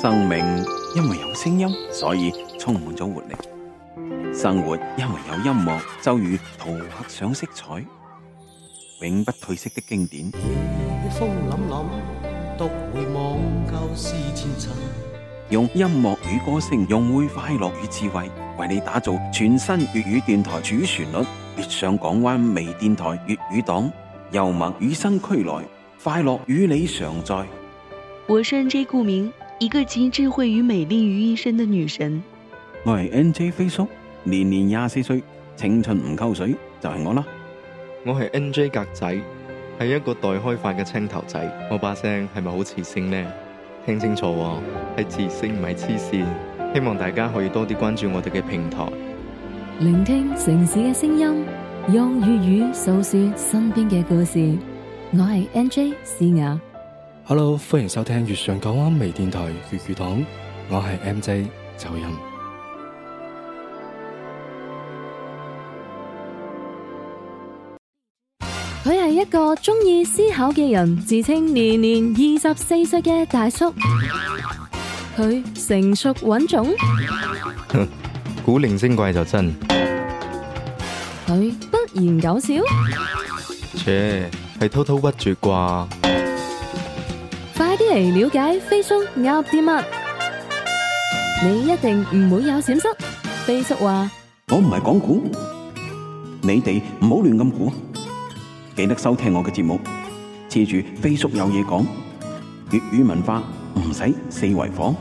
生命因為有聲音，所以充滿咗活力；生活因為有音樂，周瑜塗黑上色彩，永不褪色的經典風浪浪讀回。用音樂與歌聲，用會快樂與智慧，為你打造全新粵語電台主旋律。月上港灣微電台粵語檔，幽默與生俱來，快樂與你常在。我係 J 顧名。一個集智慧與美麗於一身的女神。我係 N J 飛叔，年年廿四歲，青春唔溝水就係、是、我啦。我係 N J 格仔，係一個待開發嘅青頭仔。我把聲係咪好磁性呢？聽清楚、哦，係磁性，唔係黐線。希望大家可以多啲關注我哋嘅平台，聆聽城市嘅聲音，用粵語訴說身邊嘅故事。我係 N J 思雅。hello，歡迎收聽月上港灣微電台粵語檔，我係 M J 就音。佢係一個鍾意思考嘅人，自稱年年二十四歲嘅大叔。佢成熟穩重，古靈精怪就真。佢不言搞笑，切係偷偷屈住啩。嚟了解飛叔鴨啲乜，你一定唔會有閃失。飛叔話：我唔係講古，你哋唔好亂咁估。記得收聽我嘅節目，黐住飛叔有嘢講，粵語文化唔使四圍火。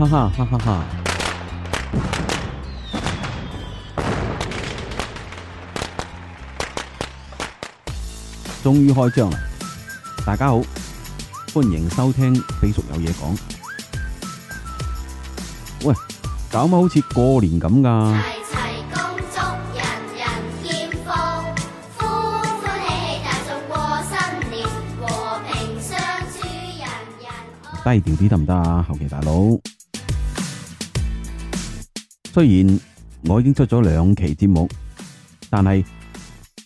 哈哈哈哈，哈哈！終於開張了，大家好，歡迎收聽《飛叔有嘢講》。喂，搞乜好似過年咁噶，齊齊恭祝人人健康，歡歡喜喜大眾過新年，和平相處人人？低調啲得唔得啊？後期大佬。雖然我已經出咗兩期節目，但係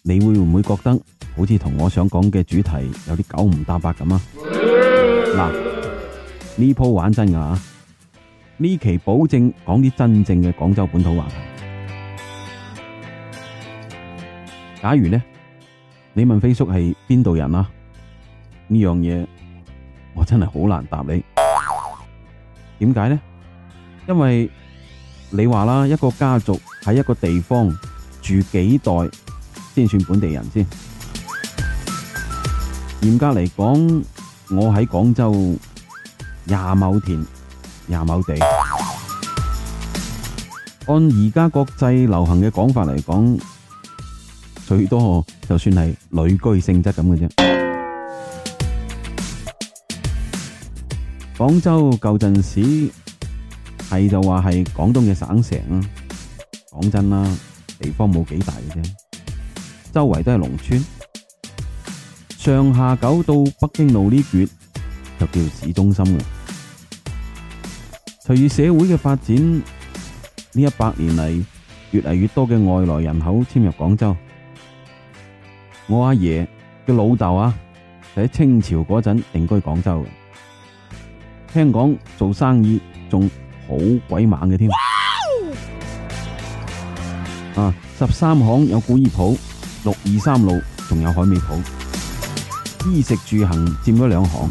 你會唔會覺得好似同我想講嘅主題有啲九唔搭八咁啊？嗱，呢鋪玩真噶吓，呢期保證講啲真正嘅廣州本土話題。假如呢，你問飛叔係邊度人啊？呢樣嘢我真係好難答你。點解呢？因為你話啦，一個家族喺一個地方住幾代先算本地人先？嚴格嚟講，我喺廣州廿畝田廿畝地，按而家國際流行嘅講法嚟講，最多就算係旅居性質咁嘅啫。廣州舊陣時，係就話係廣東嘅省城啊！講真啦，地方冇幾大嘅啫，周圍都係農村。上下九到北京路呢段就叫市中心嘅。隨住社會嘅發展，呢一百年嚟越嚟越多嘅外來人口遷入廣州。我阿爺嘅老豆啊，喺清朝嗰陣定居廣州嘅，聽講做生意仲好鬼猛嘅添啊！十三行有古衣鋪，六二三路仲有海味鋪，衣食住行占咗兩行。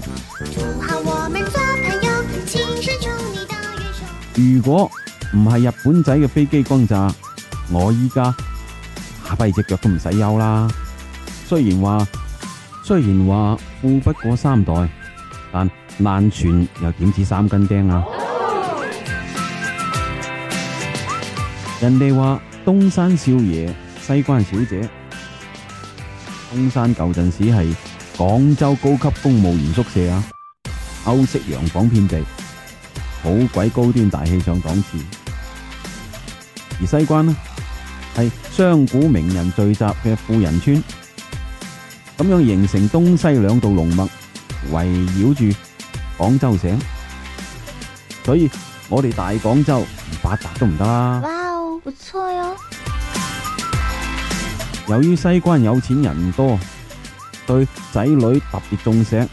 是如果唔係日本仔嘅飛機轟炸，我依家打跛隻腳都唔使憂啦。雖然話雖然話富不過三代，但爛船又點止三斤釘啊！人哋話東山少爺、西關小姐，東山舊陣時係廣州高級公務員宿舍啊，歐式洋房遍地，好鬼高端大氣上檔次。而西關呢，係商賈名人聚集嘅富人村，咁樣形成東西兩道龍脈，圍繞住廣州城。所以我哋大廣州唔發達都唔得啦。錯呀！由於西關有錢人多，對仔女特別縱錫。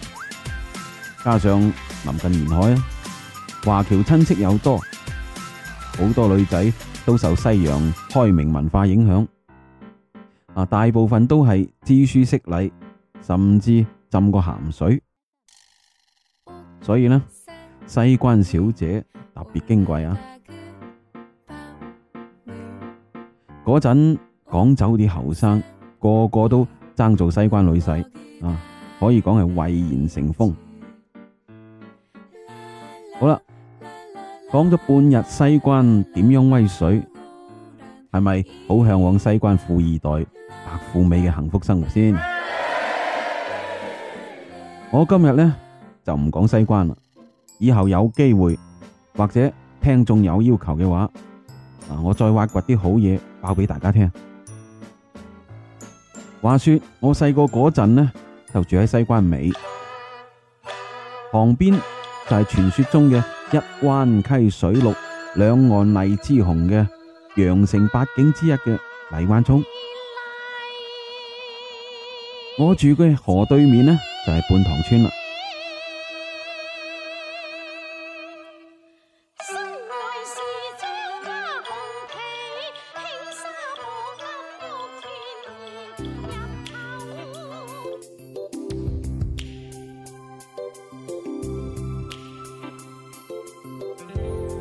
加上臨近沿海啊，華僑親戚又多，好多女仔都受西洋開明文化影響啊，大部分都係知書識禮，甚至浸過鹹水，所以呢，西關小姐特別矜貴啊。嗰陣講走啲後生，個個都爭做西關女婿，啊！可以講係蔚然成風。好啦，講咗半日西關點樣威水，係咪好向往西關富二代、白富美嘅幸福生活先？我今日呢，就唔講西關啦，以後有機會或者聽眾有要求嘅話，嗱，我再挖掘啲好嘢。爆俾大家聽，話說我細個嗰陣呢，就住喺西關尾，旁邊就係傳說中嘅一灣溪水綠，兩岸荔枝紅嘅羊城八景之一嘅荔灣涌。我住嘅河對面呢，就係泮塘村啦。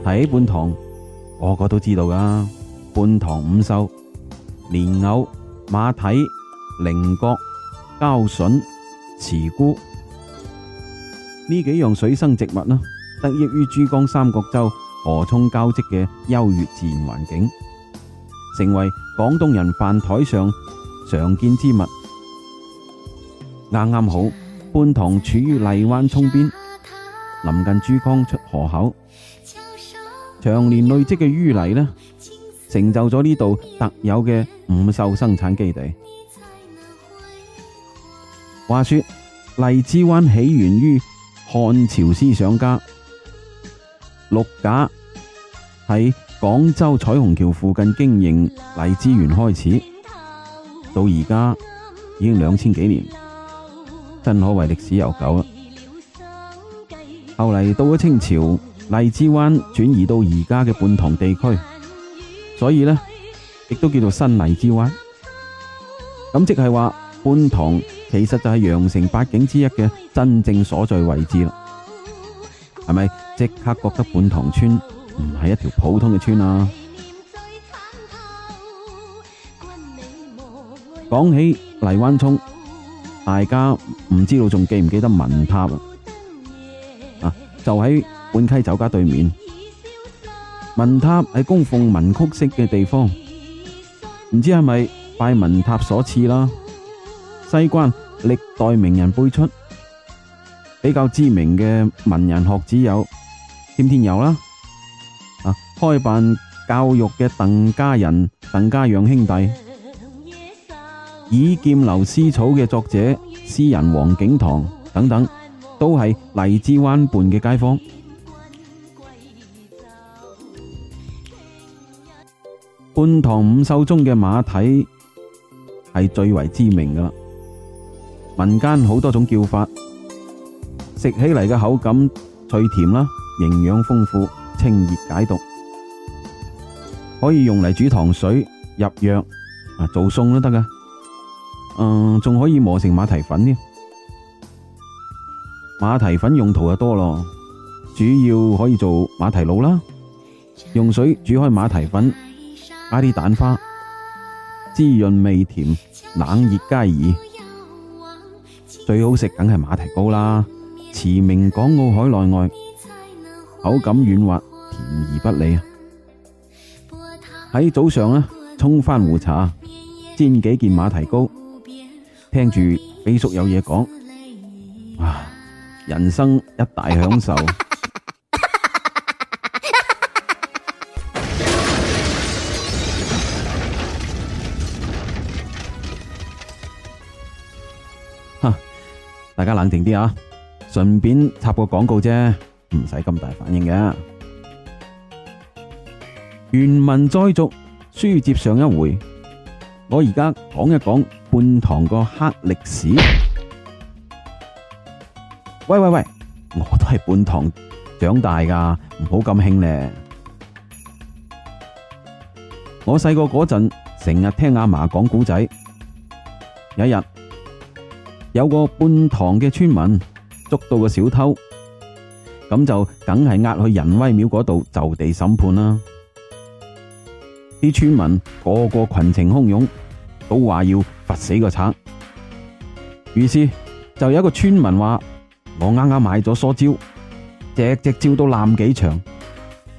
喺泮塘，個個都知道噶。泮塘五秀：蓮藕、馬蹄、菱角、茭筍、茨菇，呢幾樣水生植物呢，得益於珠江三角洲河涌交織嘅優越自然環境，成為廣東人飯台上常見之物。啱啱好，泮塘處於荔灣涌邊，臨近珠江出河口。長年累積嘅淤泥呢，成就咗呢度特有嘅五秀生產基地。話說荔枝灣起源於漢朝思想家陸賈喺廣州彩虹橋附近經營荔枝園開始，到而家已經兩千幾年，真可謂歷史悠久啦。後嚟到咗清朝。荔枝灣轉移到而家嘅泮塘地區，所以呢，亦都叫做新荔枝灣。咁即係話，泮塘其實就係羊城八景之一嘅真正所在位置啦，係咪即刻覺得泮塘村唔係一條普通嘅村啊？講起荔灣涌，大家唔知道仲記唔記得文塔啊，就喺。泮溪酒家對面，文塔係供奉文曲星嘅地方，唔知係咪拜文塔所賜啦。西關歷代名人輩出，比較知名嘅文人學子有詹天佑啦，啊，開辦教育嘅鄧家仁、鄧家陽兄弟，倚劍樓詩草嘅作者詩人黃景棠等等，都係荔枝灣畔嘅街坊。泮塘五秀中嘅馬蹄係最為知名噶啦，民間好多種叫法，食起嚟嘅口感脆甜啦，營養豐富，清熱解毒，可以用嚟煮糖水、入藥啊，做餸都得噶。嗯，仲可以磨成馬蹄粉添，馬蹄粉用途就多咯，主要可以做馬蹄露啦，用水煮開馬蹄粉。加啲蛋花，滋潤味甜，冷熱皆宜。最好食梗係馬蹄糕啦，馳名港澳海內外，口感軟滑，甜而不膩啊！喺早上啊，沖翻壺茶，煎幾件馬蹄糕，聽住飛叔有嘢講，啊，人生一大享受。 大家冷靜啲啊，順便插個廣告啫，唔使咁大反應嘅。原文再續，書接上一回，我而家講一講泮塘個黑歷史。喂喂喂，我都係泮塘長大噶，唔好咁興咧。我細個嗰陣成日聽阿嫲講古仔，有一日，有個泮塘嘅村民捉到個小偷，咁就梗係押去仁威廟嗰度就地審判啦。啲村民個個群情洶湧，都話要罰死個賊。於是就有一個村民話：我啱啱買咗梳蕉，隻隻蕉都爛幾長，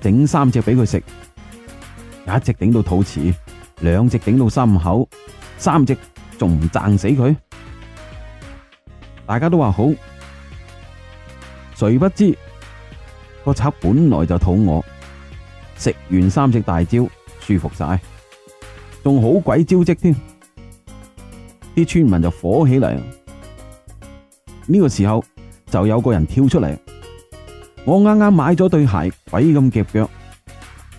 整三隻俾佢食，一隻頂到肚臍，兩隻頂到心口，三隻仲唔撐死佢？大家都話好，誰不知個賊本來就肚餓，食完三隻大蕉舒服晒，仲好鬼招積添。啲村民就火起嚟，呢個時候就有個人跳出嚟，我啱啱買咗對鞋，鬼咁夾腳，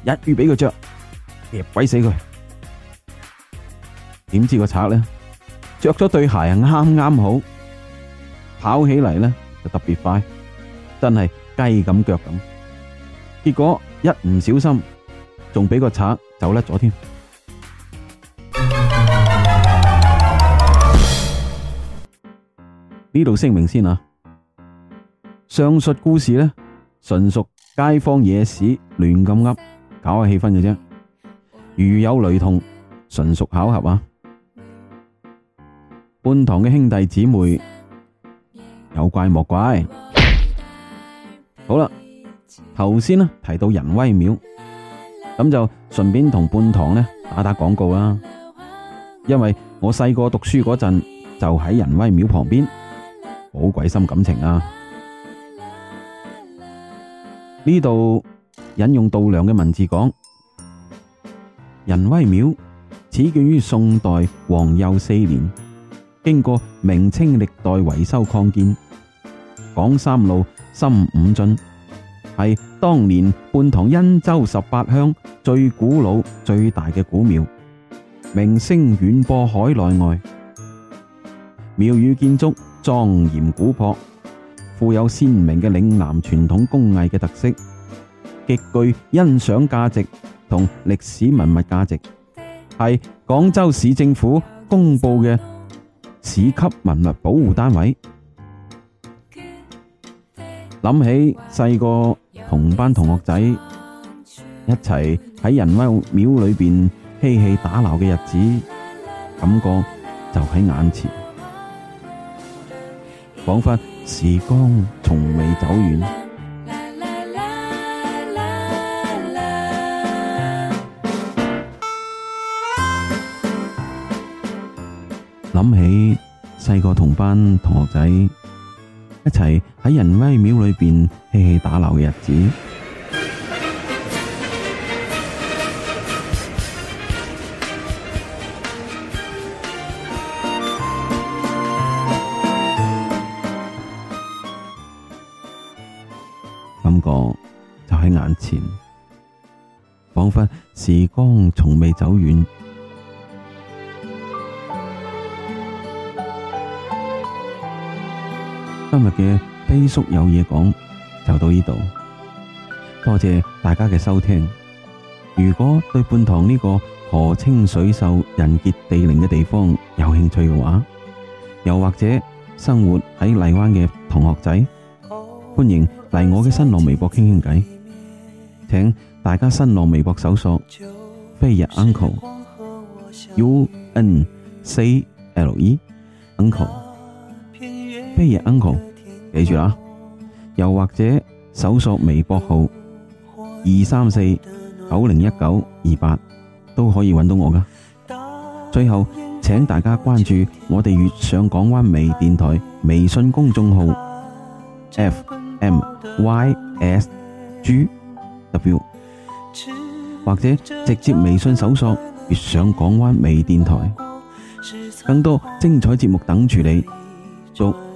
一於俾佢着，夾鬼死佢。點知個賊呢？着咗對鞋啊，啱啱好。跑起嚟呢，就特別快，真係雞咁腳咁。結果一唔小心，仲俾個賊走甩咗添。呢度聲明先啊，上述故事呢，純屬街坊野史亂咁噏，搞下氣氛嘅啫。如有雷同，純屬巧合啊。泮塘嘅兄弟姊妹，有怪莫怪，好啦，頭先呢提到仁威廟，咁就順便同泮塘呢打打廣告啦。因為我細個讀書嗰陣就喺仁威廟旁邊，好鬼深感情啊！呢度引用度娘嘅文字講：仁威廟始建於宋代皇佑四年，經過明清歷代維修擴建。廣三路深五進，係當年泮塘恩洲十八鄉最古老、最大嘅古廟，名聲遠播海內外。廟宇建築莊嚴古朴，富有鮮明嘅嶺南傳統工藝嘅特色，極具欣賞價值同歷史文物價值，係廣州市政府公布嘅市級文物保護單位。諗起細個同班同學仔一齊喺仁威廟裏邊嬉戲打鬧嘅日子，感覺就喺眼前，仿佛時光從未走遠。諗起細個同班同學仔。一齊喺仁威廟裏邊嬉戲打鬧嘅日子，感覺就喺眼前，仿佛時光從未走遠。今日嘅飛叔有嘢講就到呢度，多謝大家嘅收聽。如果對泮塘呢個河清水秀、人傑地靈嘅地方有興趣嘅話，又或者生活喺荔灣嘅同學仔，歡迎嚟我嘅新浪微博傾傾偈。請大家新浪微博搜索飛日 uncle，U N C L E uncle。飛、hey, 爺 uncle，記住啦，又或者搜索微博號二三四九零一九二八都可以揾到我噶。最後，請大家關注我哋月上港灣微電台微信公眾號 f m y s g w，或者直接微信搜索月上港灣微電台，更多精彩節目等住你，祝